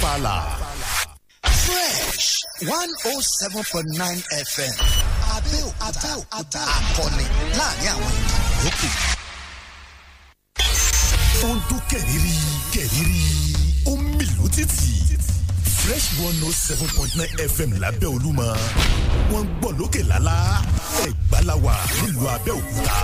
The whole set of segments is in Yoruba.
fàlàfàlà. fresh one oh seven point nine fm abẹ́òkúta akọni láàrin àwọn ìkànnì yòókù. ó ń dún kẹ̀rìírí kẹ̀rìírí ó ń mì lótìtì fresh one oh seven point nine fm lábẹ́ olúmọ wọ́n ń gbọ́ lókè lálá ẹ̀gbá la wà nílùú abẹ́òkúta.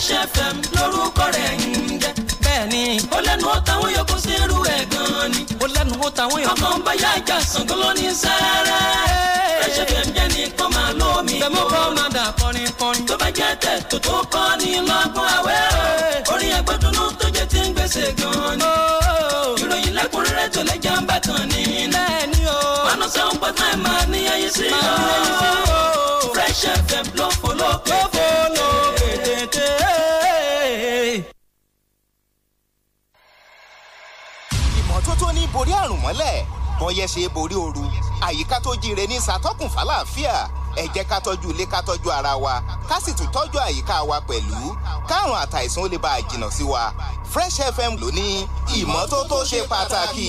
Fresh FM lórúkọ rẹ̀ ń jẹ́. bẹ́ẹ̀ni. ó lẹ́nu ó tàwọn yòókù sí irú ẹ̀ gan ni. ó lẹ́nu ó tàwọn yòókù. ọkàn ń bá yá ìjà Ṣàngó lónìí sẹ́rẹ́. Fresh FM jẹ́ ní kọ́ máa lómi kó. bẹ́ẹ̀ mo kọ́ máa dà kọrin kọrin. tó bá jẹ́ tẹ̀ tó tó kọ́ ni lọ́gbọ́n àwẹ̀ o. orin ẹgbẹ́ dunu tó jẹ́ ti ń gbèsè gan ni. Oh! ìròyìn lẹ́kùnrẹ́rẹ́ tó lẹ́jà ń bàtàn ni. bẹ́ẹ̀ni o. wọn Fresh FM ló fò lókè. ló fò lókè. ìmọ́tótó ní borí àrùn mọ́lẹ̀ bọ́yẹ ṣe borí ooru àyíká tó jíire ní ṣàtọ́kùn fàlàáfíà ẹ jẹ́ ká tọ́jú ilé ká tọ́jú ara wa ká sì tún tọ́jú àyíká wa pẹ̀lú káàrùn àtàìsàn ó lè bá a jìnnà sí wa Fresh FM ló ní ìmọ́tótó ṣe pàtàkì.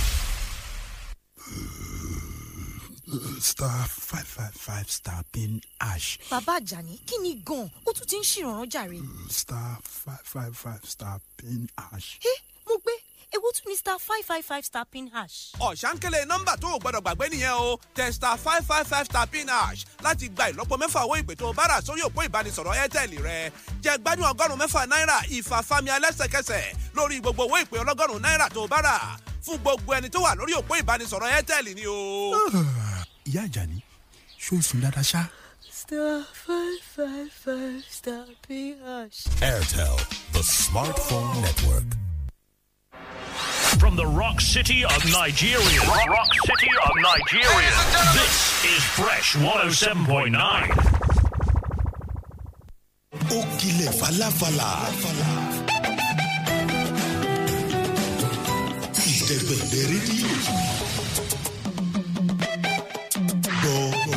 star five five five star pin ash. bàbá àjàní kí ni gan-an ó tún ti ń ṣèrànràn jàre. star five five five star pin ash. ẹ mo gbé ewu tún ni star five five five star pin ash. ọ̀sánkélé nọ́mbà tó o gbọ́dọ̀ gbàgbé nìyẹn o tẹ star five five five star pin ash. láti gba ìlọ́po mẹ́fà owó ìpè tó o bá rà sórí òpó ìbánisọ̀rọ̀ airtel rẹ jẹ gbádùn ọgọ́rùn-ún mẹ́fà náírà ìfàfàmì alẹ́sẹ̀kẹsẹ̀ lórí gbogbo owó ìpè ọlọ́gọ́rùn-ún náírà tó o bá rà fún gbogbo ẹni tó wà lórí òpó ìbánisọ̀rọ̀ airtel ni o. ìyá àjàní ṣó sùn dáadáa ṣá. star five five five star ph. airtel the smartphone network. From the rock city of Nigeria. Rock, rock city of Nigeria. This is Fresh 107.9. ó kilẹ̀ falafala. ìtẹ̀gbẹ̀gbẹ̀ rédíò.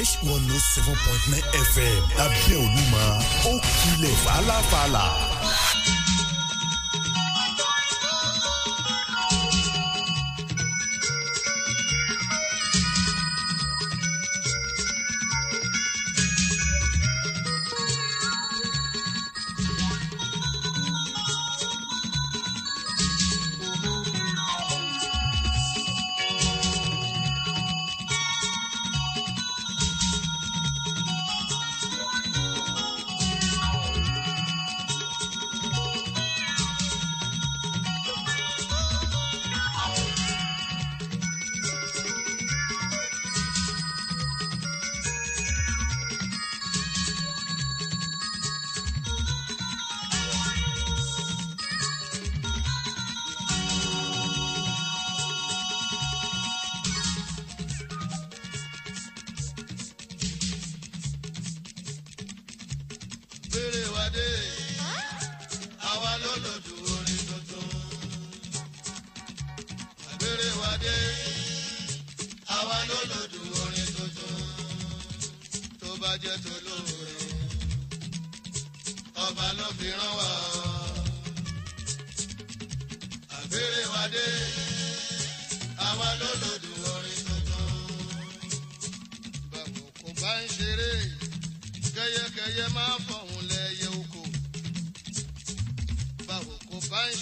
fresh one oh seven point nine fm lábẹ́ Olúmọ ó kilẹ̀ fàlàfàlà.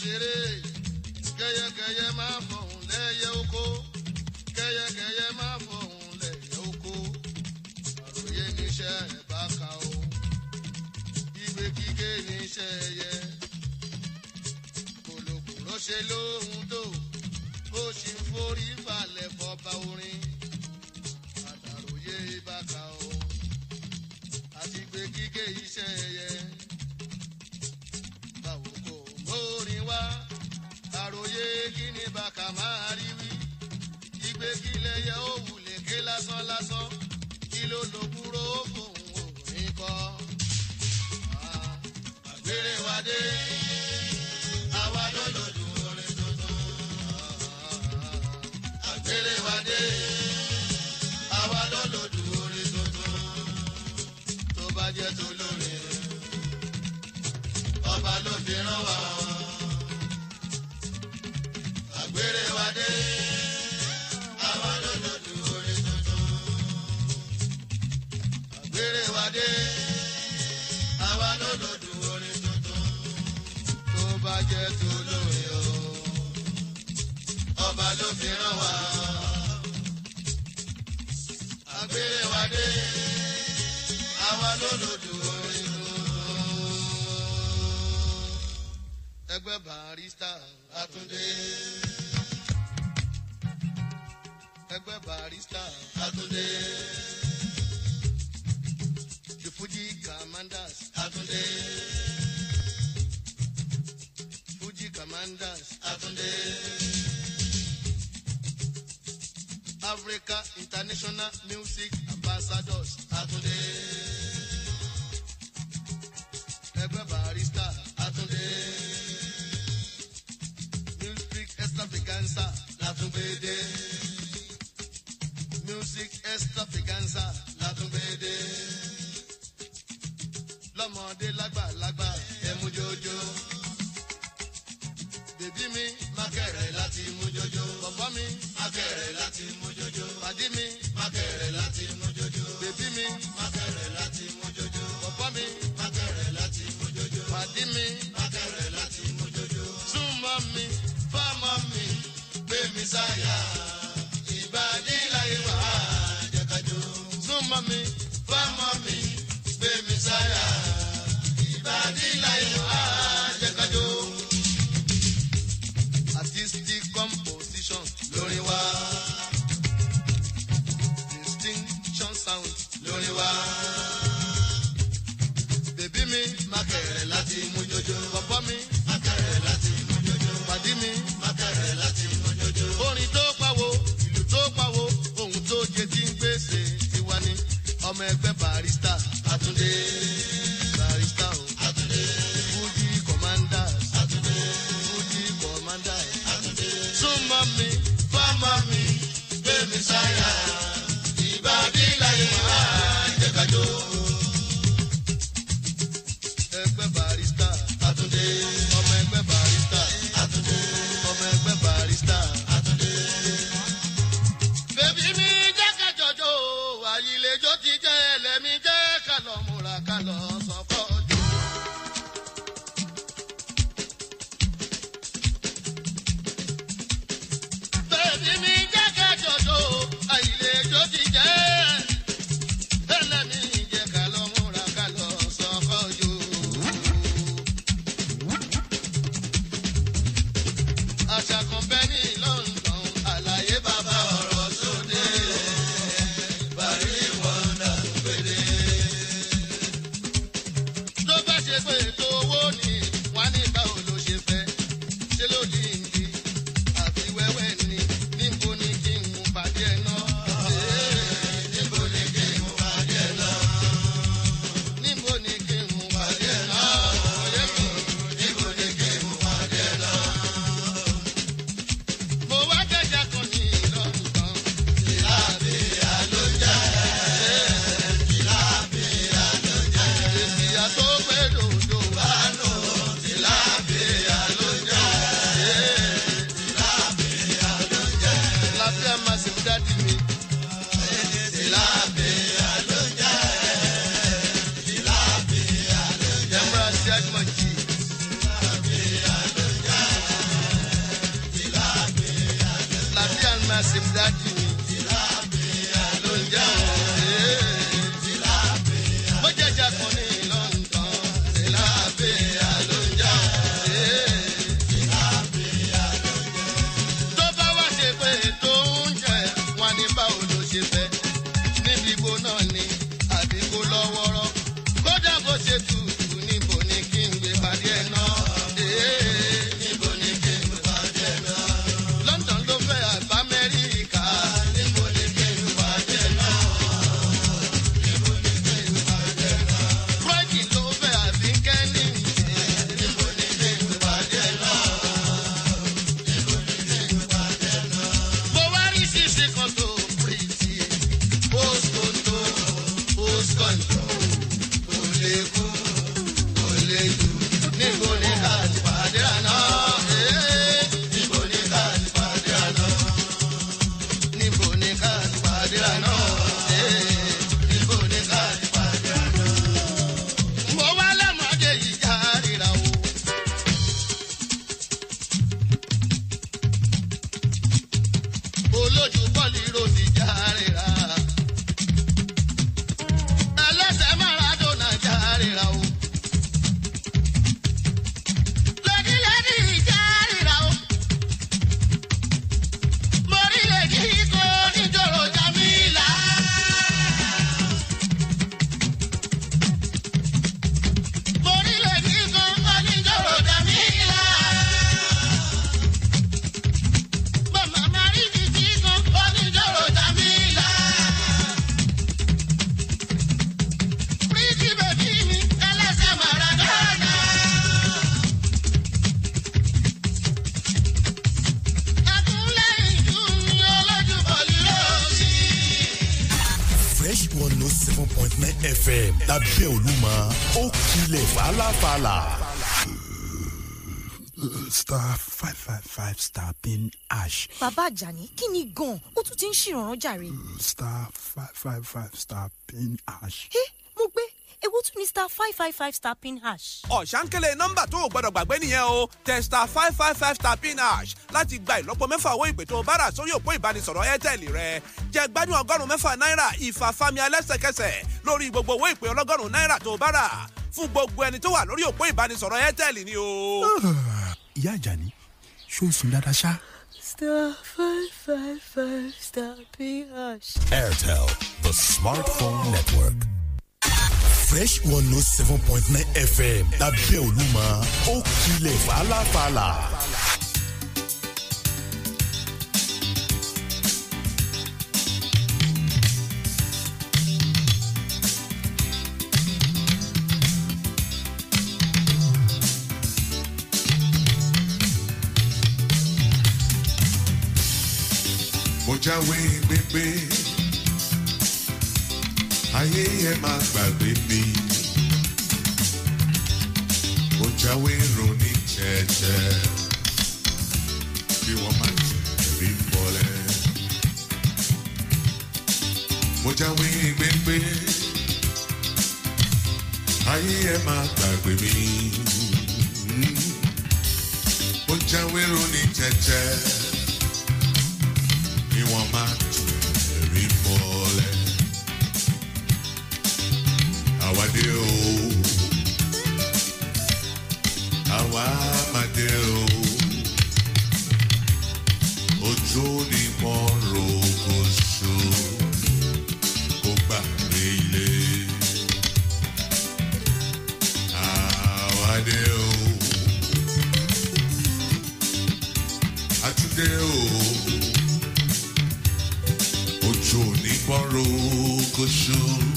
ṣeré kẹyẹkẹyẹ máa fọ̀hún lẹ́yẹ oko kẹyẹkẹyẹ máa fọ̀hún lẹ́yẹ oko àròyé níṣẹ́ ẹ̀ bá ka o ìgbé kíké níṣẹ́ ẹyẹ kòlòkò ṣe lóhun tó ó sì ń forí balẹ̀ bọba orin àtàròyé bá ka o àti ìgbé kíké iṣẹ́ ẹyẹ. ayé kí ni bàkà máa rí wí. ìgbé kílẹ̀ yẹ ó wulẹ̀ ké lásán lásán kí ló lo kúrò fòun àgbèrè wa dé. Fuji Commanders. Atunde. Africa International Music Ambassadors. Atunde. Ẹgbẹ́ barista. Atunde. Music extravaganza. Latungbede. Music extravaganza. Latungbede. lọ́mọdé lágbàlagbà ẹ mú jòjò. Bèbí mi mákẹ̀rẹ̀ láti mujojo. jòjò. mi mákẹ̀rẹ̀ láti mujojo. jòjò. mi mákẹ̀rẹ̀ láti mujojo. jòjò. Bèbí mi mákẹ̀rẹ̀ láti mujojo. jòjò. mi mákẹ̀rẹ̀ láti mujojo. jòjò. mi mákẹ̀rẹ̀ láti mujojo. jòjò. mi fámọ́ mi gbé mi sáyà. Ìbàdí láyé wà á jẹ́kájó. mi fámọ́ mi gbé mi sáyà. sàdílà yìí. five star pin hash. bàbá àjàní kí ni gan-an ó tún ti ń ṣèrànràn jàre. Mm, star five five five star pin hash. ẹ mo gbé ewu tún ni star five five five star pin hash. ọ̀sánkélé nọ́mbà tó o gbọ́dọ̀ gbàgbé nìyẹn o tẹ star five five five star pin hash láti gba ìlọ́po mẹ́fà owó ìpè tó o bá rà sórí òpó ìbánisọ̀rọ̀ airtel rẹ jẹ gbádùn ọgọ́rùn-ún mẹ́fà náírà ìfàfàmì alẹ́sẹ̀kẹsẹ̀ lórí gbogbo owó ìpè ọlọ́gọ́rùn-ún náírà tó o bá rà fún gbogbo ẹni tó wà lórí òpó ìbánisọ̀rọ̀ airtel ni o. ìyá àjàní Şunsun da aşağı. Star five five five star PH. Airtel, the smartphone network. Fresh 107.9 FM That be Oluma. ó fala, fala. mo jáwé gbégbé ayé ẹ má gbàgbé mi mo jáwé ronú jẹ́jẹ́ kí wọ́n má rí bọ́lẹ̀ mo jáwé gbégbé ayé ẹ má gbàgbé mi mo jáwé ronú jẹ́jẹ́. ni wọ́n máa rí mọ́lẹ̀. Àwa dé o, àwa máa dé o, ojú ni wọ́n ro oṣù kó gbà mí ilé. Àwa dé o. Because you.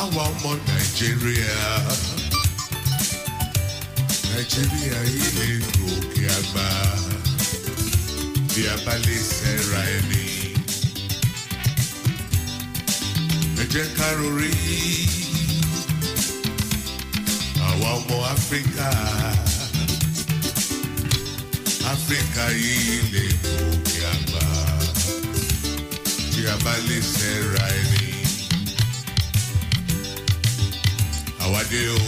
I want more Nigeria. Nigeria ilé gòkè àgbà. Bí a bá lè sẹ́ra ẹni. Ẹ Africa, ká rorí. Àwa ọmọ Áfíríkà. Áfíríkà àwa dé o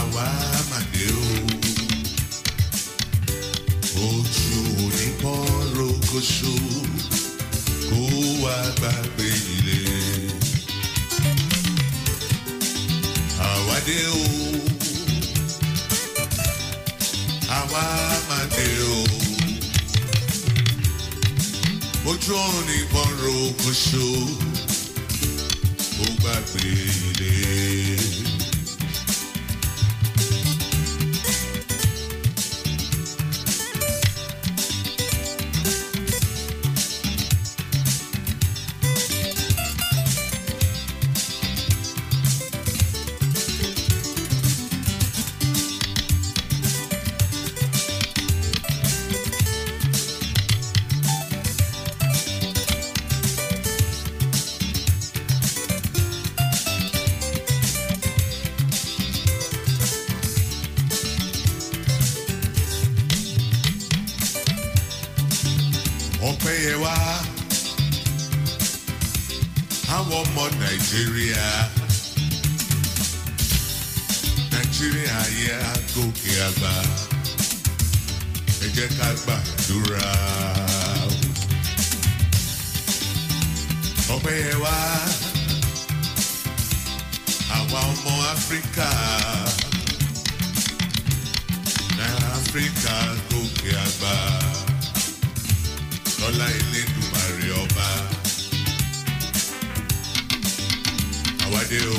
àwa mà dé o ojú onípọ́n rogoṣo kó wá gbàgbé ilé àwa dé o àwa mà dé o ojú onípọ́n rogoṣo. back, ẹ jẹ́ ká gbàdúrà. ọpẹ́ yẹ wá àwa ọmọ áfíríkà náírà áfíríkà gòkè àgbà lọ́lá Elédùmarè ọba àwádé o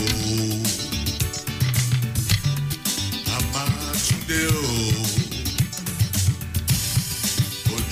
àmàtúndé o.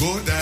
Go down.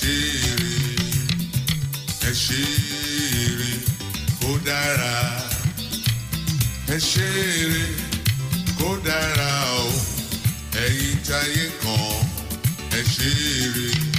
ṣe eré ẹ ṣe eré kó dára ẹ ṣe kó dára o ẹ̀yin táyé kan ẹ ṣe